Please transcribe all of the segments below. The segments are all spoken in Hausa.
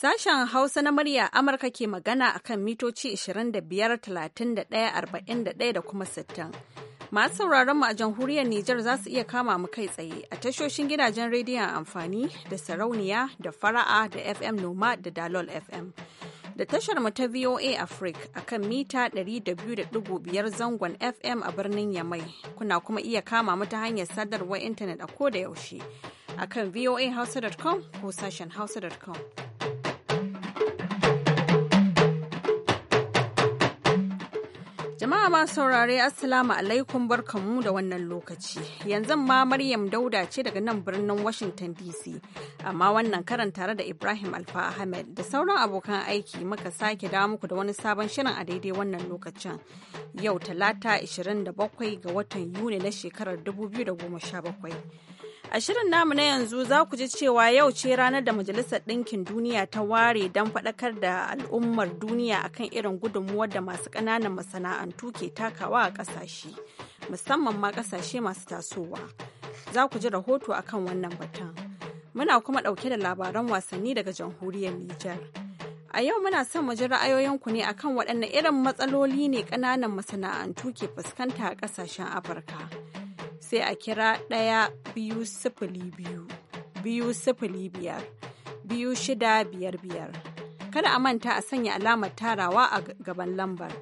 Sashen Hausa na murya Amurka ke magana a kan mitoci 25,31,41 da kuma 60. Masu sauraron mu a jamhuriyar Nijar za su iya kama mu kai tsaye a tashoshin gidajen rediyon amfani da sarauniya da fara'a da FM Noma da Dalol FM. da tasharmu ta VOA Africa akan mita 200.5 zangon FM a birnin Yamai. Kuna kuma iya kama mu ta hanyar sadarwar intanet a koda yaushe akan voahausa.com ko sashen hausa.com. Jama'a ma saurare Assalamu alaikum barkanmu da wannan lokaci. Yanzu ma Maryam Dauda ce daga nan birnin Washington DC. Amma wannan karan tare da Ibrahim Alfa Ahmed da sauran abokan aiki muka sake da muku da wani sabon shirin a daidai wannan lokacin. Yau Talata 27 ga watan Yuni na shekarar 2017. A shirin namu na yanzu za ku ji cewa yau ce ranar da Majalisar Ɗinkin Duniya ta ware don faɗakar da al'ummar duniya akan irin gudunmuwar da masu ƙananan masana'antu ke takawa a ƙasashe, musamman ma ƙasashe masu tasowa. Za ku ji rahoto a kan wannan batun. Muna kuma ɗauke da labaran wasanni daga jamhuriyar Nijar. A yau muna son mu ji ra'ayoyinku ne akan waɗanne irin matsaloli ne ƙananan masana'antu ke fuskanta a ƙasashen Afirka. sai a kira ɗaya biyu sifili biyu biyu sifili biyar biyu shida biyar biyar kada a manta a sanya alamar tarawa a gaban lambar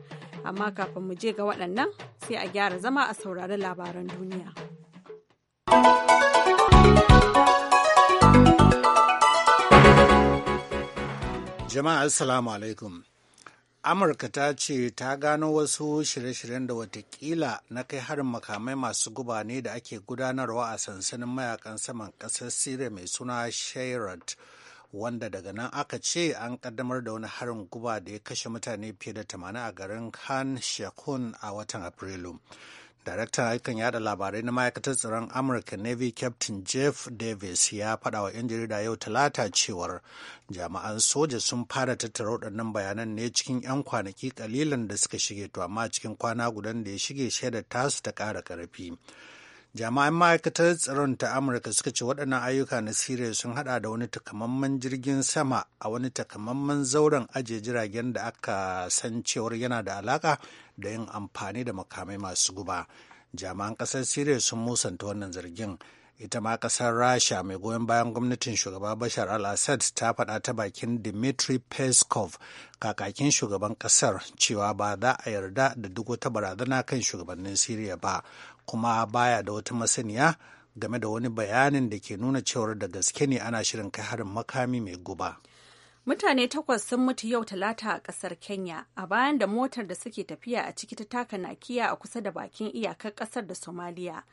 amma kafin mu je ga waɗannan sai a gyara zama a saurari labaran duniya jama'a assalamu alaikum amurka ta ce ta gano wasu shirye-shiryen da watakila na kai harin makamai masu guba ne da ake gudanarwa a sansanin mayakan saman ƙasar siriya mai suna shayrat wanda daga nan aka ce an kaddamar da wani harin guba da ya kashe mutane fiye da 80 a garin khan shekun a watan afrilu daraktan aikin yada labarai na ma'aikatar tsaron amurka navy captain jeff davis ya faɗa wa 'yan jarida yau talata cewar jami'an soja sun fara tattara waɗannan bayanan ne cikin 'yan kwanaki kalilan da suka shige to amma cikin kwana gudan da ya shige shaidar tasu ta ƙara ƙarfi jami'an ma'aikatar tsaron ta amurka suka ce waɗannan ayyuka na siriya sun hada da wani takamaiman jirgin sama a wani takamaiman zauren ajiye jiragen da aka san cewar yana da alaka da yin amfani da makamai masu guba jami'an ƙasar siriya sun musanta wannan zargin ita ma kasar rasha mai goyon bayan gwamnatin shugaba bashar al-assad ta faɗa ta bakin dmitry peskov kakakin shugaban kasar cewa ba za a yarda da duk wata barazana kan shugabannin siriya ba kuma baya da wata masaniya game da wani bayanin da ke nuna cewar da gaske ne ana shirin kai harin makami mai guba mutane takwas sun mutu yau talata a kasar kenya a bayan da motar da suke tafiya a ciki ta taka nakiya a kusa da bakin iyakar kasar da somaliya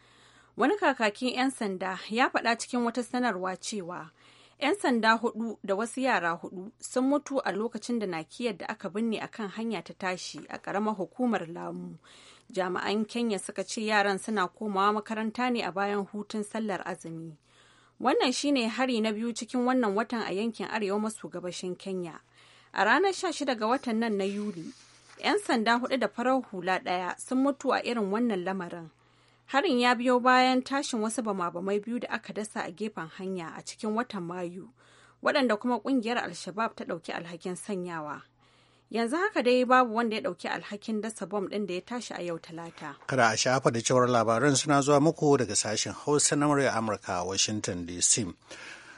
wani kakakin 'yan sanda ya faɗa cikin wata sanarwa cewa 'yan sanda hudu da wasu yara hudu sun mutu a lokacin da nakiyar da aka binne a kan hanya ta tashi a ƙaramar hukumar lamu jami'an kenya suka ce yaran suna komawa makaranta ne a bayan hutun sallar azumi wannan shine hari na biyu cikin wannan watan a yankin arewa maso gabashin kenya a ranar 16 ga watan nan na yuli 'yan sanda hudu da farar hula ɗaya sun mutu a irin wannan lamarin Harin ya biyo bayan tashin wasu bamabamai biyu da aka dasa a gefen hanya a cikin watan Mayu, waɗanda kuma ƙungiyar Alshabab ta ɗauki alhakin sanyawa. Yanzu haka dai babu wanda ya ɗauki alhakin dasa bom ɗin da ya tashi a yau Talata. Kada a shafa da cewar labaran suna zuwa muku daga sashen Hausa na murya Amurka a Washington DC.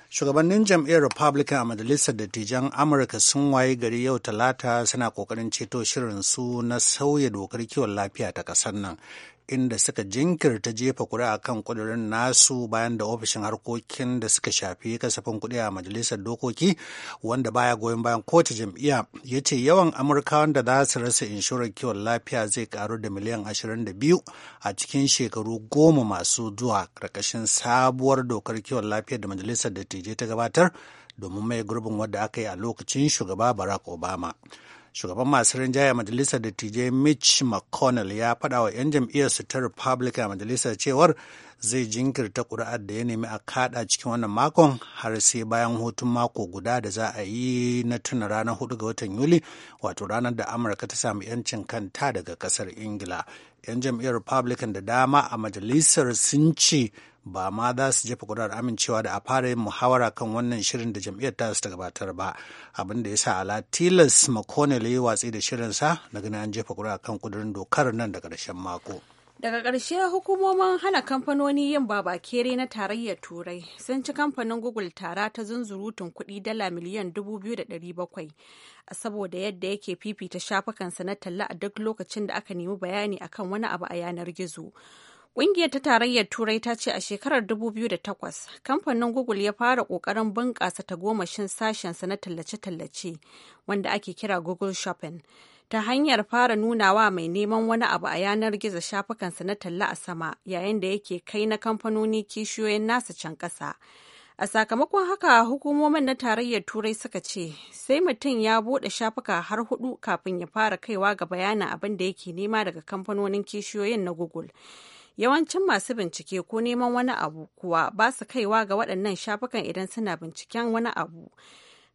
shugabannin jam'iyyar republican a majalisar dattijan amurka sun waye gari yau talata suna kokarin ceto shirin su na sauya dokar kiwon lafiya ta kasar nan inda suka jinkirta jefa kuri'a kan kudurin nasu bayan da ofishin harkokin da suka shafi kasafin kudi a majalisar dokoki wanda baya goyon bayan kowace jam'iyya ya ce yawan amurkawan da za su rasa inshorar kiwon lafiya zai karu da miliyan 22 a cikin shekaru goma masu zuwa karkashin sabuwar dokar kiwon lafiya da majalisar dattijai ta gabatar domin mai gurbin wadda aka yi a lokacin shugaba barack obama shugaban masu rinjaya majalisar dattijai mitch mcconnell ya faɗa wa 'yan jam'iyyarsu ta republican majalisar cewar zai jinkirta kuri'ar da ya nemi a kada cikin wannan makon har sai bayan hutun mako guda da za a yi na tuna ranar 4 ga watan yuli wato ranar da amurka ta samu 'yancin kanta daga kasar ingila 'yan jam'iyyar republican da dama a majalisar sun ce ba ma za su jefa ƙuri'ar amincewa da a fara yin muhawara kan wannan shirin da jam'iyyar ta su ta gabatar ba abin da ya sa ala tilas mcconnell ya yi watsi da shirinsa na ganin an jefa ƙuri'ar kan kudurin dokar nan da ƙarshen mako daga karshe hukumomin hana kamfanoni yin babakere na tarayyar turai sun ci kamfanin google tara ta zunzurutun kuɗi dala miliyan dubu biyu da bakwai saboda yadda yake fifita shafukansa na talla a duk lokacin da aka nemi bayani akan wani abu a yanar gizo. Ƙungiyar ta tarayyar Turai ta ce a shekarar 2008 kamfanin Google ya fara ƙoƙarin bunƙasa tagomashin sashensa na tallace-tallace wanda ake kira Google Shopping ta hanyar fara nunawa mai neman wani abu a yanar gizo shafukansa na talla a sama yayin da yake kai na kamfanoni kishiyoyin nasa can ƙasa. A sakamakon haka hukumomin na tarayyar Turai suka ce sai mutum ya buɗe shafuka har hudu kafin ya fara kaiwa ga bayanin abin da yake nema daga kamfanonin kishiyoyin na Google. Yawancin masu bincike ko neman wani abu kuwa ba su kaiwa ga waɗannan shafukan idan suna binciken wani abu.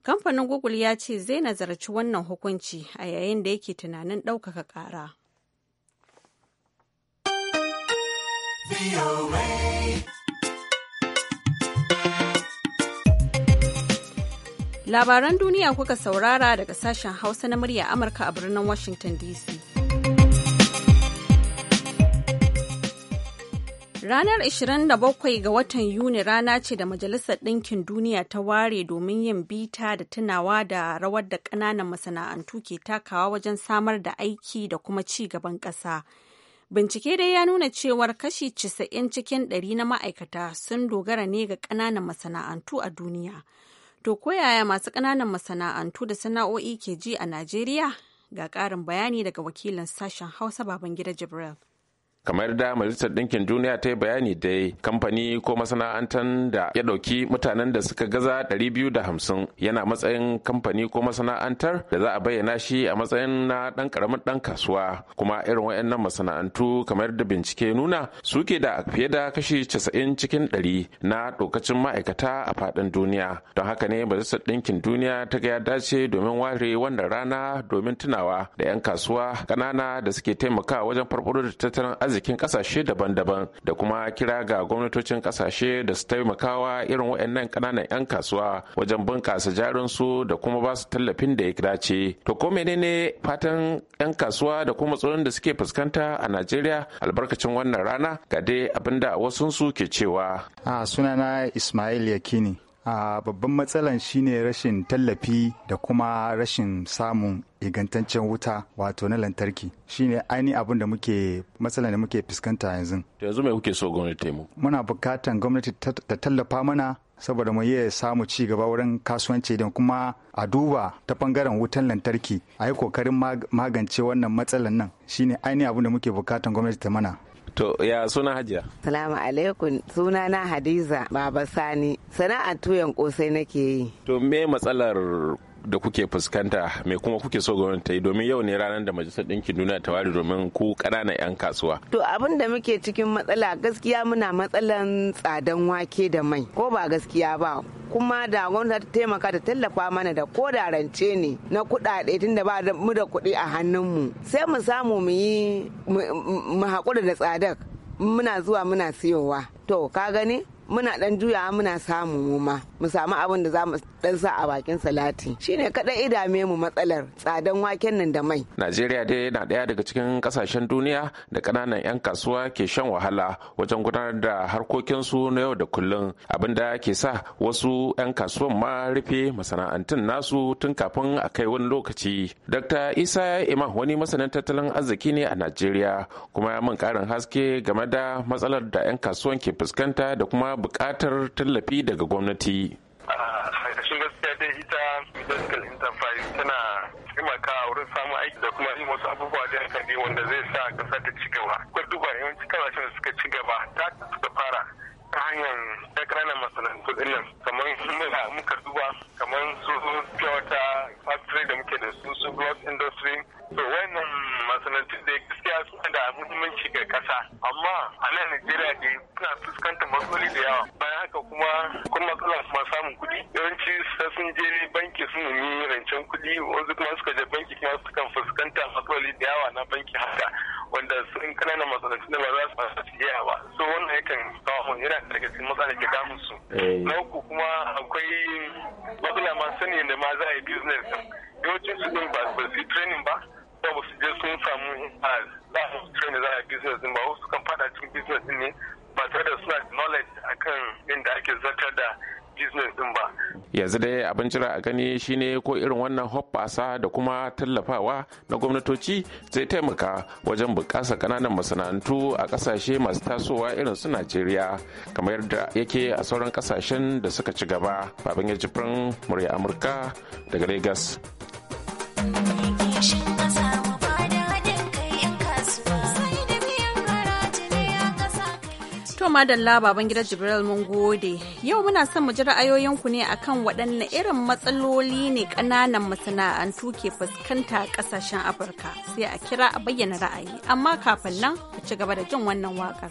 Kamfanin Google ya ce zai nazarci wannan hukunci a yayin da yake tunanin ɗaukaka ƙara. Labaran duniya kuka saurara daga sashen Hausa na murya Amurka a birnin Washington DC. Ranar 27 ga watan Yuni rana ce da Majalisar Ɗinkin Duniya ta ware domin yin bita da tunawa da rawar da ƙananan masana'antu ke takawa wajen samar da aiki da kuma ci gaban ƙasa. Bincike dai ya nuna cewar kashi 90 cikin 100 na ma'aikata sun dogara ne ga ƙananan masana'antu a duniya. To koyaya masu ƙananan masana'antu da sana'o'i ke ji a Najeriya? Ga ƙarin bayani daga wakilin sashen Hausa Babangida Jibril. kamar da majalisar ɗinkin duniya ta yi bayani dai kamfani ko masana'antar da ya ɗauki mutanen da suka gaza 250 yana matsayin kamfani ko masana'antar da za a bayyana shi a matsayin na ɗan ƙaramin ɗan kasuwa kuma irin wayannan masana'antu kamar da bincike nuna suke da fiye da kashi 90 cikin 100 na ɗaukacin ma'aikata a faɗin duniya don haka ne majalisar ɗinkin duniya ta ga ya dace domin ware wannan rana domin tunawa da 'yan kasuwa ƙanana da suke taimakawa wajen farfaɗo da tattalin arziki arzikin kasashe daban-daban da kuma kira ga gwamnatocin kasashe da su taimakawa irin waɗannan ƙananan 'yan kasuwa wajen bunƙasa jarinsu da kuma ba su tallafin da ya dace. To ko menene fatan 'yan kasuwa da kuma tsoron da suke fuskanta a Najeriya albarkacin wannan rana ga dai abinda wasunsu ke cewa. A ah, sunana Ismail Yakini. a babban matsalan shine rashin tallafi da kuma rashin samun ingantaccen wuta wato na lantarki shine ainihin abin da muke matsalan da muke fuskanta yanzu yanzu mai kuke so gwamnati mu muna bukatan gwamnati ta tallafa mana saboda mu iya samu ci gaba wurin kasuwanci da kuma a duba ta bangaren wutan lantarki a yi kokarin magance wannan matsalan nan shine ainihin abin da muke bukatan gwamnati ta mana To ya suna hajiya? Salamu alaikum suna na Hadiza Baba Sani sana'ar tuyan kosai nake yi. To me matsalar da kuke fuskanta mai kuma kuke so gwamnati ta yi domin yau ne ranar da majalisar ɗinkin duniya ta ware domin ku ƙananan 'yan kasuwa. To abin da muke cikin matsala gaskiya muna matsalan tsadan wake da mai ko ba gaskiya ba kuma da gwamnati ta taimaka ta tallafa mana da ko da rance ne na kuɗaɗe tunda ba mu da kuɗi a hannun mu. sai mu samu mu yi mu haƙura da tsadar muna zuwa muna siyowa to ka gani muna ɗan juyawa muna samu mu ma mu samu abin da za mu dan sa a bakin salati shine kadai idame mu matsalar tsadan waken nan da mai Najeriya dai yana daya daga cikin kasashen duniya da kananan 'yan kasuwa ke shan wahala wajen gudanar da harkokinsu na yau da kullum abinda ke sa wasu 'yan kasuwan ma rufe masana'antun nasu tun kafin a kai wani lokaci dr isa imam wani masanin tattalin arziki ne a najeriya kuma ya min karin haske game da matsalar da 'yan kasuwan ke fuskanta da kuma buƙatar tallafi daga gwamnati ƙarƙashin gaskiya dai ita medical enterprise tana taimakawa wurin samun aiki da kuma yin wasu abubuwa da hankali wanda zai sa ƙasa ta ci gaba. Kuma duba yawanci kasashen da suka ci gaba ta suka fara ta hanyar ta ƙananan masana'antu ɗin nan kamar muka duba kamar su wata factory da muke da su su blood industry to wannan masana'antu da gaskiya suna da muhimmanci ga kasa amma a nan Najeriya ne suna fuskantar matsaloli da yawa bayan haka kuma kun matsala kuma samun kuɗi yawanci sun je banki sun yi rancen kuɗi wanzu kuma suka je banki kuma sukan fuskanta matsaloli da yawa na banki haka wanda sun kanana masana'antu da ba za su masu iya ba so wannan yakan kawo mu yana daga cikin matsalar da damun su eh. na uku kuma akwai matsala ma sani da ma za a yi business yawancin su ɗin ba su yi training ba ba ba su je sun samu a za su da za a yi business din ba wasu kan fada cikin business din ne ba tare da suna knowledge akan inda ake zartar da business din ba. yanzu dai abin jira a gani shine ko irin wannan hoppasa da kuma tallafawa na gwamnatoci zai taimaka wajen bukasa kananan masana'antu a kasashe masu tasowa irin su najeriya kamar yadda yake a sauran kasashen da suka ci gaba babin ya murya amurka daga lagos madalla baban gida Jibril mun gode. Yau muna son mu ji ra'ayoyinku ne akan waɗanne irin matsaloli ne ƙananan masana'antu ke fuskanta ƙasashen Afirka. Sai a kira a bayyana ra'ayi. Amma kafin nan ku ci gaba da jin wannan waƙar.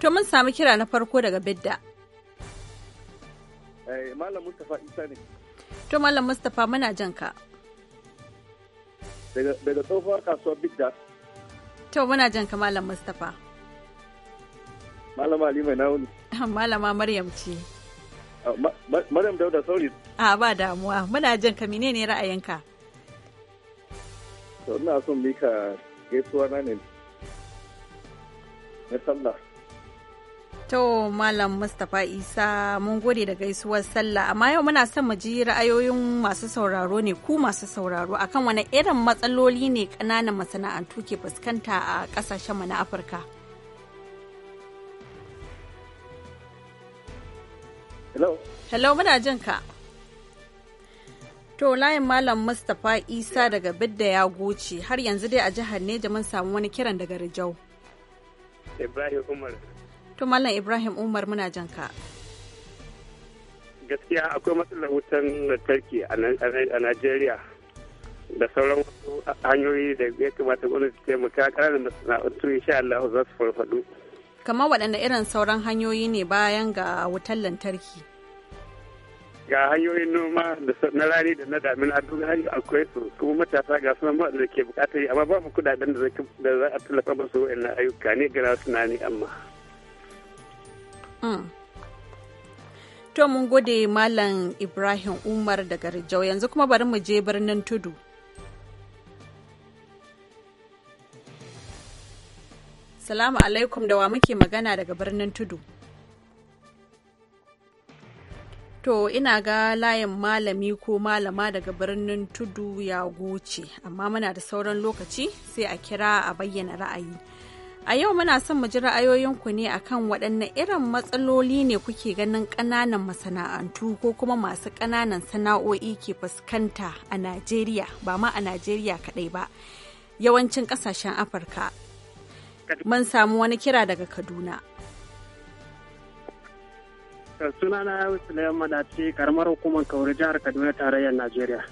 To mun samu kira na farko daga Bidda. Eh, Malam Mustapha Isa ne. To Malam Mustapha muna jan ka. Daga tsohuwar kasuwar Bidda. To muna jan ka Malam Mustapha. Malama Ali mai nauni. Malama Maryam ce. Ah, Maryam Dauda Sauri. A ba damuwa muna jan ka menene ra'ayinka? To ina son mika gaisuwa na ne. Na sallah. To Malam Mustapha Isa mun gode da gaisuwar sallah amma yau muna son mu ji ra'ayoyin masu sauraro ne ku masu sauraro akan wani irin matsaloli ne ƙananan masana'antu ke fuskanta a ƙasashen mu na Afirka. Hello. Hello muna jin ka. To layin Malam Mustapha Isa daga Bidda ya goce har yanzu dai a jihar Neja mun samu wani kiran daga Rijau. Ibrahim Umar To Mallam Ibrahim Umar muna jan ka. Gaskiya akwai matsalar wutan lantarki a Najeriya da sauran wasu hanyoyi da ya kamata gwamnati ta taimaka ƙananan masana'antu insha Allah za su farfaɗo. Kamar waɗanda irin sauran hanyoyi ne bayan ga wutan lantarki. ga hanyoyin noma na rani da na damina duk hanyoyi akwai su kuma matasa ga sunan da ke bukatar yi amma babu kudaden da za a tallafa musu wa'annan ayyuka ne gara tunani amma. Mm. To mun gode Malam Ibrahim Umar daga Rijau yanzu kuma bari mu je birnin Tudu. Salamu alaikum da wa muke magana daga birnin Tudu. To ina ga layin malami ko malama daga birnin Tudu ya goce, amma muna da sauran lokaci sai a kira a bayyana ra'ayi. A yau muna son mu ji ra'ayoyinku ne akan waɗanne irin matsaloli ne kuke ganin ƙananan masana'antu ko kuma masu ƙananan sana'o'i ke fuskanta a Najeriya ba ma a Najeriya kaɗai ba yawancin ƙasashen Afirka. Mun samu wani kira daga Kaduna. sunana Suleiman Madaci karamar hukumar Kauri jihar Kaduna tarayyar Najeriya.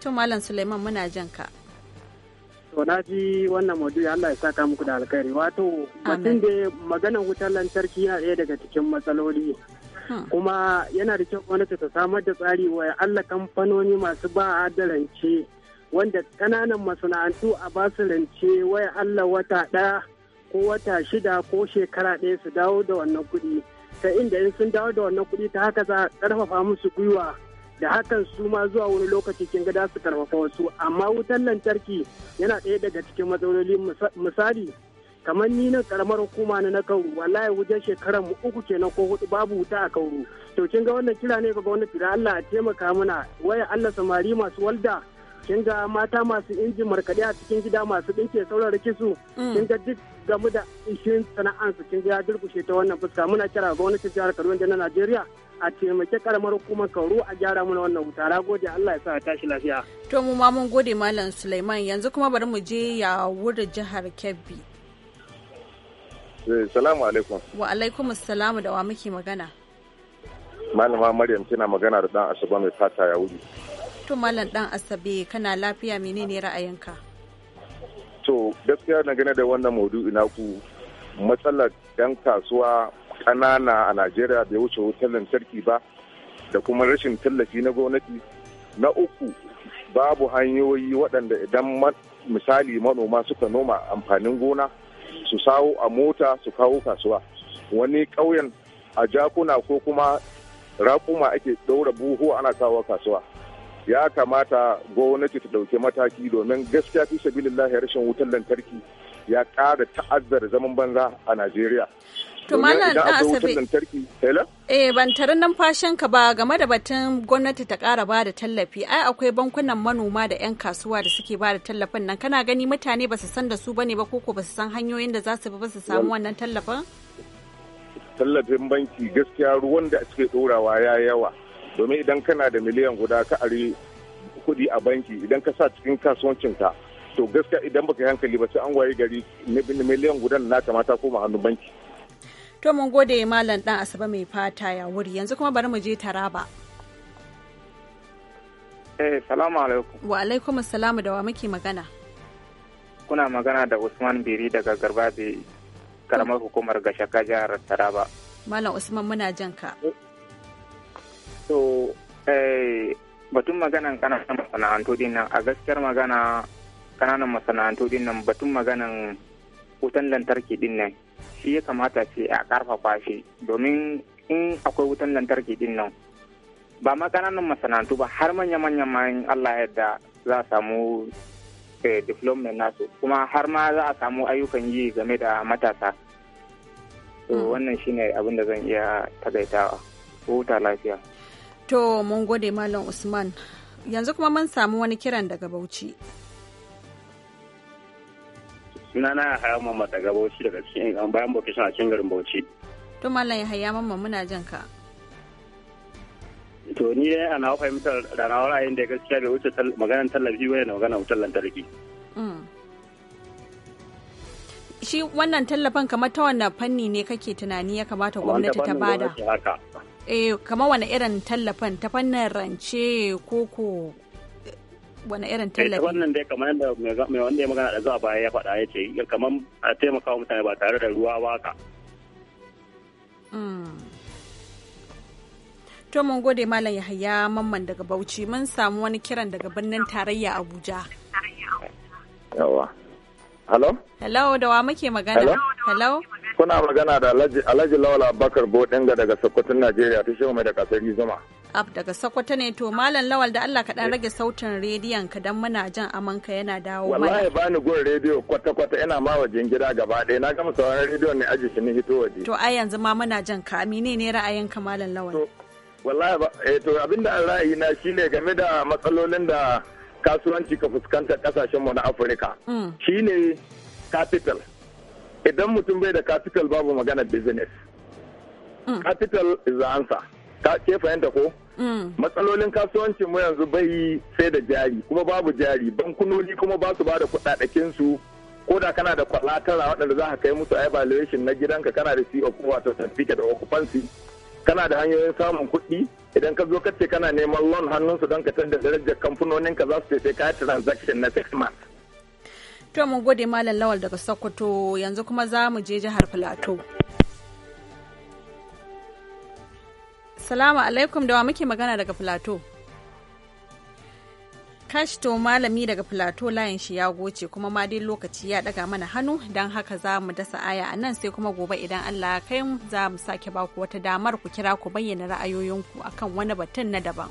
Tun Malam Suleiman muna jan ka. To na ji wannan maudu'i Allah ya saka muku da alkhairi. Wato mutum da maganar wutar lantarki yana ɗaya daga cikin matsaloli. Kuma yana da kyau gwamnati ta samar da tsari wa Allah kamfanoni masu ba da rance wanda kananan masana'antu a basu rance waya Allah wata ɗaya ko wata shida ko shekara ɗaya su dawo da wannan kuɗi. Ta inda in sun dawo da wannan kuɗi ta haka za a ƙarfafa musu gwiwa. da hakan su ma zuwa wani lokaci kin ga su karfafa wasu amma wutar lantarki yana ɗaya daga cikin matsaloli misali kamar ni na karamar hukuma na na kauru wallahi wajen shekaran mu uku kenan ko hudu babu wuta a kauru to kin ga wannan kira ne ga gwamnati da Allah a taimaka mana waya Allah samari masu walda kin ga mata masu injin markaɗe a cikin gida masu ɗinke sauran kisu mm. kin ga duk game da ishin sana'ansu kin ga durkushe ta wannan fuska muna kira ga wani jihar Kaduna da na Najeriya a taimake karamar hukumar kauru a gyara mana wannan wuta na gode Allah ya sa tashi lafiya to mu ma mun gode malam Sulaiman yanzu kuma bari mu je ya wuri jihar Kebbi eh, Salamu alaikum. Wa alaikum salamu da wa muke magana. Malama Maryam tana magana da dan Asabe mai fata ya wuri. To malam dan Asabe kana lafiya menene ra'ayinka? To gaskiya na gane da wannan maudu'i ku matsalar 'yan kasuwa ƙanana a najeriya da ya wuce wutar lantarki ba da kuma rashin tallafi na gwamnati na uku babu hanyoyi waɗanda idan misali manoma suka noma amfanin gona su sawo a mota su kawo kasuwa wani ƙauyen a jakuna ko kuma raƙuma ake ɗaura buhu ana kawo kasuwa ya kamata gwamnati ta ɗauki mataki domin gaskiya fi sabilillahi rashin wutar lantarki ya ƙara ta'azzara zaman banza a Najeriya. Eh ban tarin numfashin ka ba game da batun gwamnati ta kara ba da tallafi. Ai akwai bankunan manoma da 'yan kasuwa da suke ba da tallafin nan. Kana gani mutane ba su san da su bane ba ko ko ba su san hanyoyin da za su bi ba su samu wannan tallafin? Tallafin banki gaskiya ruwan da suke ɗorawa ya yawa. Domin idan kana da miliyan guda ka ari kuɗi a banki idan ka sa cikin kasuwancinka to gaskiya idan baka yi hankali ba sai an waye gari miliyan gudan na kamata koma hannun banki to mun gode malam dan asaba mai fata ya wuri yanzu kuma bari mu je taraba eh salamu alaikum wa alaikum assalam da wa muke magana kuna magana da usman biri daga garba bi karamar hukumar gashaka jihar taraba malam usman muna jan ka to eh batun maganan kana masana'antu din nan a gaskiyar magana kananan masana'antu din nan batun maganan wutan lantarki din nan shi ya kamata ce a karfafa shi domin in akwai wutan lantarki din nan ba ma kananan masana'antu ba har manya-manyan ma Allah yadda za a samu eh, development nasu kuma har ma za a samu ayyukan yi game da matasa to hmm. wannan shine abin da zan iya tagaitawa huta lafiya to mun gode malam usman yanzu kuma mun samu wani kiran daga bauchi sunana na haya mamma daga bauchi daga cikin an bayan vocation a cikin garin bauchi to mallam ya haya mamma muna jin ka to ni dai ana fahimtar da na ra'ayin da gaskiya bai wuce maganar tallafi wani na maganar wutar lantarki mm. shi wannan tallafin kamar ta wannan fanni ne kake tunani ya kamata gwamnati ta bada eh kamar wani irin tallafin ta fannin rance koko wani irin eh, tallafi wannan dai kamar yadda mai wanda ya magana da zuwa baya ya faɗa ya ce kamar a taimaka mutane ba tare da ruwa ka hmm. to mun gode malam yahaya mamman daga bauchi mun samu wani kiran daga birnin tarayya abuja yawa hello hello da wa muke magana hello kuna magana da alhaji lawal abubakar bodinga daga sokoton najeriya ta shehu mai da kasar zuma Ab daga Sokoto ne to Malam Lawal da Allah ka dan rage sautin rediyon ka dan muna jan amanka yana dawo mana. Wallahi ba ni gun rediyo kwata kwata yana ma wajen gida gaba ɗaya na gama sauraron rediyon ne aji shi ni hito waje. To ai yanzu ma muna jan ka amine ne ra'ayinka Malam Lawal. Wallahi ba eh to abinda ra'ayi na shine game da matsalolin da kasuwanci ka fuskanta kasashen mu na Afirka. Mm. Shine capital. Idan mutum bai da capital babu magana business. Mm. Capital is the answer. Ka ke fahimta ko? matsalolin kasuwancin mu yanzu bai yi sai da jari kuma babu jari bankunoni kuma ba su ba da kuɗaɗakin su ko da kana da kwalatara waɗanda za ka kai musu evaluation na gidanka kana da ko wato certificate of occupancy kana da hanyoyin samun kuɗi idan ka zo ka ce kana neman loan hannunsu don ka canza darajar kamfanonin ka za su sai ka transaction na six months. To mun gode Malam Lawal daga Sokoto yanzu kuma za mu je jihar Plateau. Assalamu alaikum da wa muke magana daga Filato. Kashto malami daga Filato layin shi ya goce kuma ma dai lokaci ya daga mana hannu don haka za mu dasa aya a nan sai kuma gobe idan Allah kai za mu sake baku wata damar ku kira ku bayyana ra'ayoyinku akan wani batun na daban.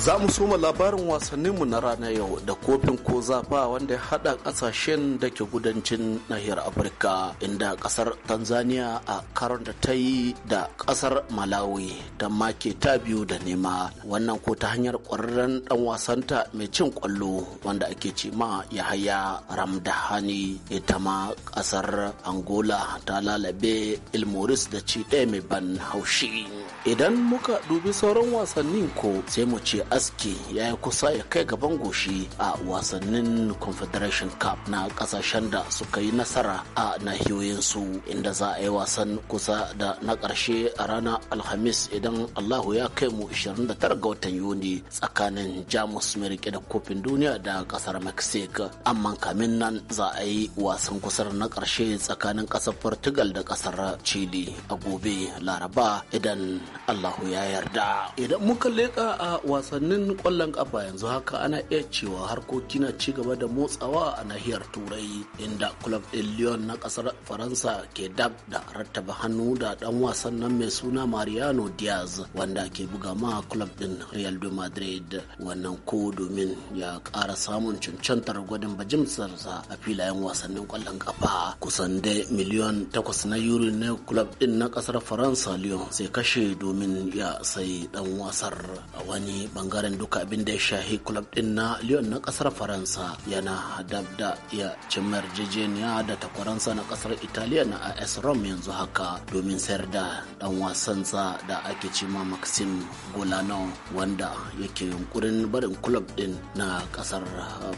Za mu soma labarin wasanninmu na rana yau da kofin ko zafa wanda ya haɗa ƙasashen da ke gudancin nahiyar Afirka inda ƙasar Tanzania a karon da ta yi da ƙasar Malawi da make ta biyu da nema wannan ko ta hanyar ƙwararren ɗan wasanta mai cin ƙwallo wanda ake ce ma ya Yahaya Ramdahani ita ma ƙasar Angola ta lalabe Ilmoris da ci ɗaya mai ban haushi. Idan muka dubi sauran wasannin ko sai mu ce aski ya yi kusa ya kai gaban goshi a wasannin confederation cup na kasashen da suka yi nasara a nahiyoyinsu inda za a yi wasan kusa da na ƙarshe a ranar alhamis idan allahu ya kai mu 29 ga watan yuni tsakanin jamus mai rike da kofin duniya da kasar mexico amma kamin nan za a yi wasan kusa na ƙarshe tsakanin ƙasar portugal da ƙasar chile a gobe laraba idan allahu ya yarda idan muka leƙa a wasan wasannin kwallon kafa yanzu haka ana iya cewa harkoki na ci gaba da motsawa a nahiyar turai inda club din lyon na kasar faransa ke dab da rattaba hannu da dan wasan nan mai suna mariano diaz wanda ke buga ma club din real de madrid wannan ko domin ya kara samun cancantar gwadin bajimsarsa a filayen wasannin kwallon kafa kusan da miliyon takwas na euro na club din na kasar faransa lyon sai kashe domin ya sai dan wasar a wani bangare bangaren duka abin da ya shahi club din na Lyon na kasar Faransa yana hadab da ya cimma yarjejeniya da takwaransa na kasar Italiya na AS Rome yanzu haka domin sayar da dan sa da ake cima Maxim Golano wanda yake yunkurin barin club din na kasar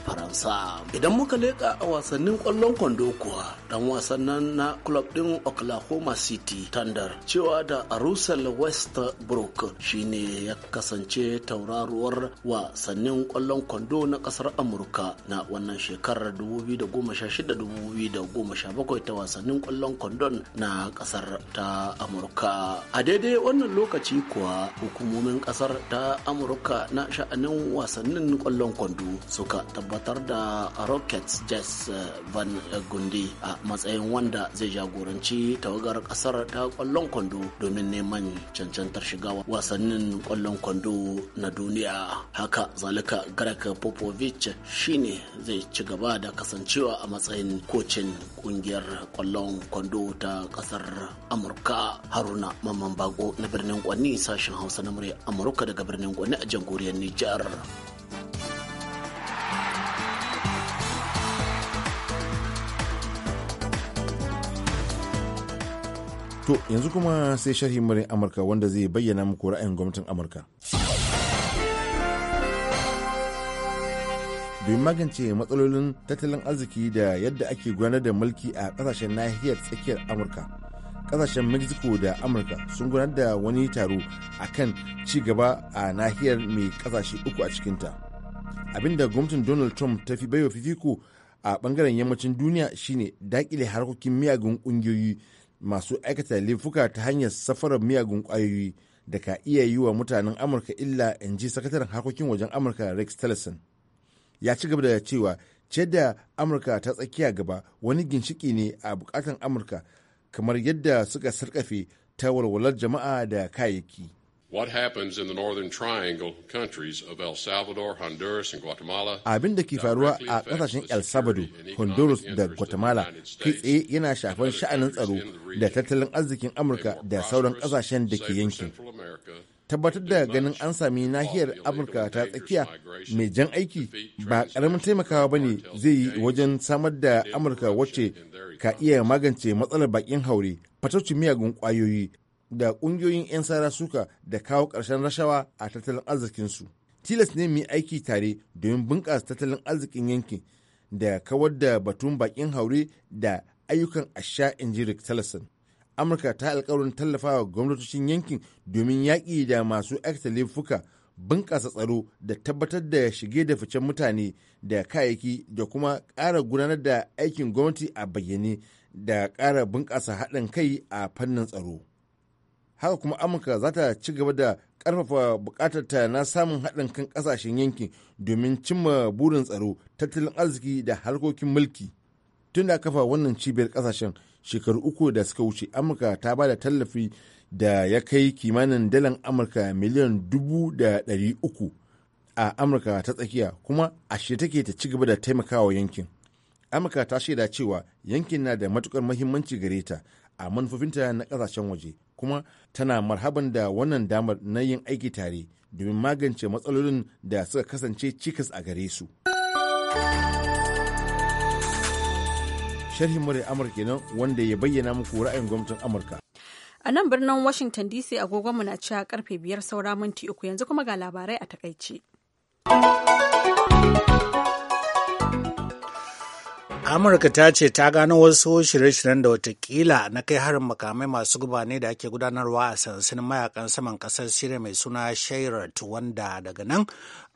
Faransa. Idan muka leka a wasannin kwallon kwando kuwa dan wasan nan na club din Oklahoma City Thunder cewa da Russell Westbrook shine ya kasance taura karuwar wasannin kwallon kwando na kasar amurka na wannan shekarar 2016-2017 ta wasannin kwallon kwandon na kasar ta amurka a daidai wannan lokaci kuwa hukumomin kasar ta amurka na sha'anin wasannin kwallon kwando suka tabbatar da rockets jess eh, van gundi a matsayin wanda zai jagoranci tawagar kasar ta kwallon kwando domin neman cancantar shiga wasannin kwallon kwando na duniya duniya haka zalika greg popovich shine zai ci gaba da kasancewa a matsayin kocin kungiyar kwallon kwando ta kasar amurka haruna mamman bago na birnin kwanni sashen hausa na murya amurka daga birnin kwanni a jamhuriyar nijar To yanzu kuma sai sharhi murin Amurka wanda zai bayyana muku ra'ayin gwamnatin Amurka. don magance matsalolin tattalin arziki da yadda ake gudanar da mulki a kasashen nahiyar tsakiyar amurka kasashen mexico da amurka sun gudanar da wani taro kan ci gaba a nahiyar mai kasashe uku a cikinta abinda gwamnatin donald trump ta fi baiwa fifiko a bangaren yammacin duniya shine dakile harkokin miyagun kungiyoyi masu aikata laifuka ta hanyar safarar miyagun kwayoyi da ka iya yi wa mutanen amurka illa in ji sakataren harkokin wajen amurka rex tillerson ya ci gaba da cewa ciyar amurka ta tsakiya gaba wani ginshiki ne a bukatan amurka kamar yadda suka sarkafe ta walwalar jama'a da kayayyaki What happens in the Northern Triangle countries of El Salvador, Honduras, and Guatemala? Abin da ke faruwa a ƙasashen El Salvador, Honduras da Guatemala kai tsaye yana shafar sha'anin tsaro da tattalin arzikin Amurka da sauran kasashen da ke yankin. tabbatar da ganin an sami nahiyar amurka ta tsakiya mai jan aiki ba ƙaramin taimakawa ba ne zai yi wajen samar da Amurka wacce ka iya magance matsalar bakin haure, fataucin miyagun ƙwayoyi da ƙungiyoyin 'yan sara suka da kawo karshen rashawa a tattalin arzikinsu. Tilas ne mai aiki tare domin bunƙasa tattalin arzikin yankin da kawar da batun bakin haure da ayyukan asha ji Rick Tillerson. amurka ta alkawarin tallafawa gwamnatocin yankin domin yaƙi da masu aikata laifuka bunƙasa tsaro da tabbatar da shige da ficen mutane da kayayyaki da kuma ƙara gudanar da aikin gwamnati a bayyane da ƙara bunƙasa haɗin kai a fannin tsaro haka kuma amurka za ta ci gaba da ƙarfafa buƙatar ta na samun haɗin kan ƙasashen yankin domin cimma burin tsaro tattalin arziki da harkokin mulki tun da kafa wannan cibiyar ƙasashen shekaru uku da suka wuce amurka ta ba da tallafi da ya kai kimanin dalan amurka miliyan dubu da ɗari uku a amurka ta tsakiya kuma a take ta ci gaba da taimakawa yankin amurka ta shaida cewa yankin na da matukar mahimmanci gare ta a manufofinta na kasashen waje kuma tana marhaban da wannan damar na yin aiki tare domin magance matsalolin da suka kasance cikas a gare su. sharhin muryar amurka kenan wanda ya bayyana muku ra'ayin gwamnatin amurka a nan birnin washington dc agogonmu na cewa karfe biyar saura minti uku yanzu kuma ga labarai a takaice amurka ta ce ta gano wasu shirye-shiryen da watakila na kai harin makamai masu guba ne da ake gudanarwa a sansanin mayakan saman kasar siriya mai suna shairat wanda daga nan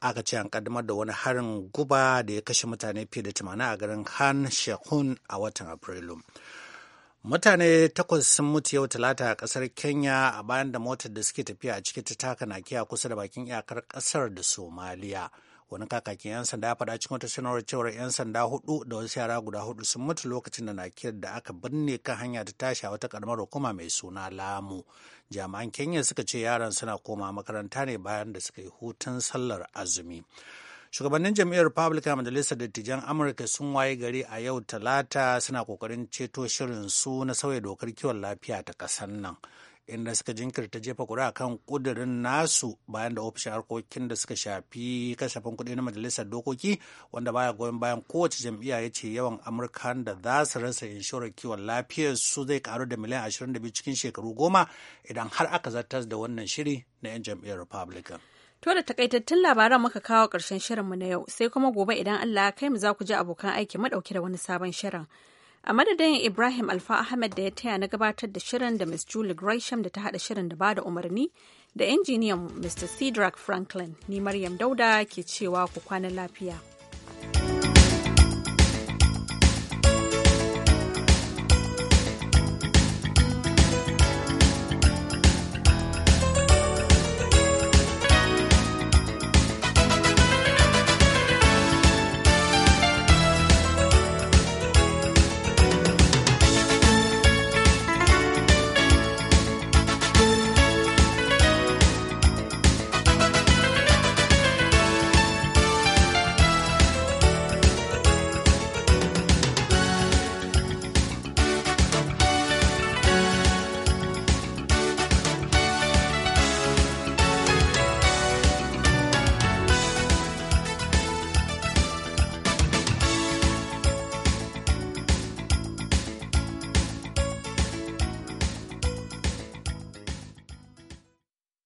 aka ce an kaddamar da wani harin guba da ya kashe mutane fiye da 80 a garin han shekun a watan afrilu mutane takwas sun mutu yau talata a kasar kenya a bayan da motar da suke tafiya a ciki ta taka na nakiya kusa da bakin iyakar kasar da somaliya wani kakakin 'yan sanda ya faɗa cikin wata sanarwar cewar 'yan sanda hudu da wasu yara guda hudu sun mutu lokacin da nakiyar da aka binne kan hanya ta tashi a wata karamar hukuma mai suna lamu jami'an kenya suka ce yaran suna koma makaranta ne bayan da suka yi hutun sallar azumi shugabannin jam'iyyar republican majalisar dattijan amurka sun waye gari a yau talata suna kokarin ceto shirin su na sauya dokar kiwon lafiya ta ƙasar nan inda suka jinkirta jefa kuri'a kan kudirin nasu bayan da ofishin harkokin da suka shafi kasafin kudi na majalisar dokoki wanda baya goyon bayan kowace jam'iyya ya ce yawan amurka da za su rasa inshorar kiwon lafiyar su zai karu da miliyan 22 cikin shekaru goma idan har aka zartas da wannan shiri na 'yan jam'iyyar republican To da takaitattun labaran muka kawo karshen shirinmu na yau sai kuma gobe idan Allah ya kai mu za ku ji abokan aiki madauki da wani sabon shirin. a madadin ibrahim alfa ahmed da ya taya na gabatar da shirin da miss julie gresham da ta hada shirin da bada umarni da injiniyan mr cedric franklin ni maryam dauda ke cewa ku kwana lafiya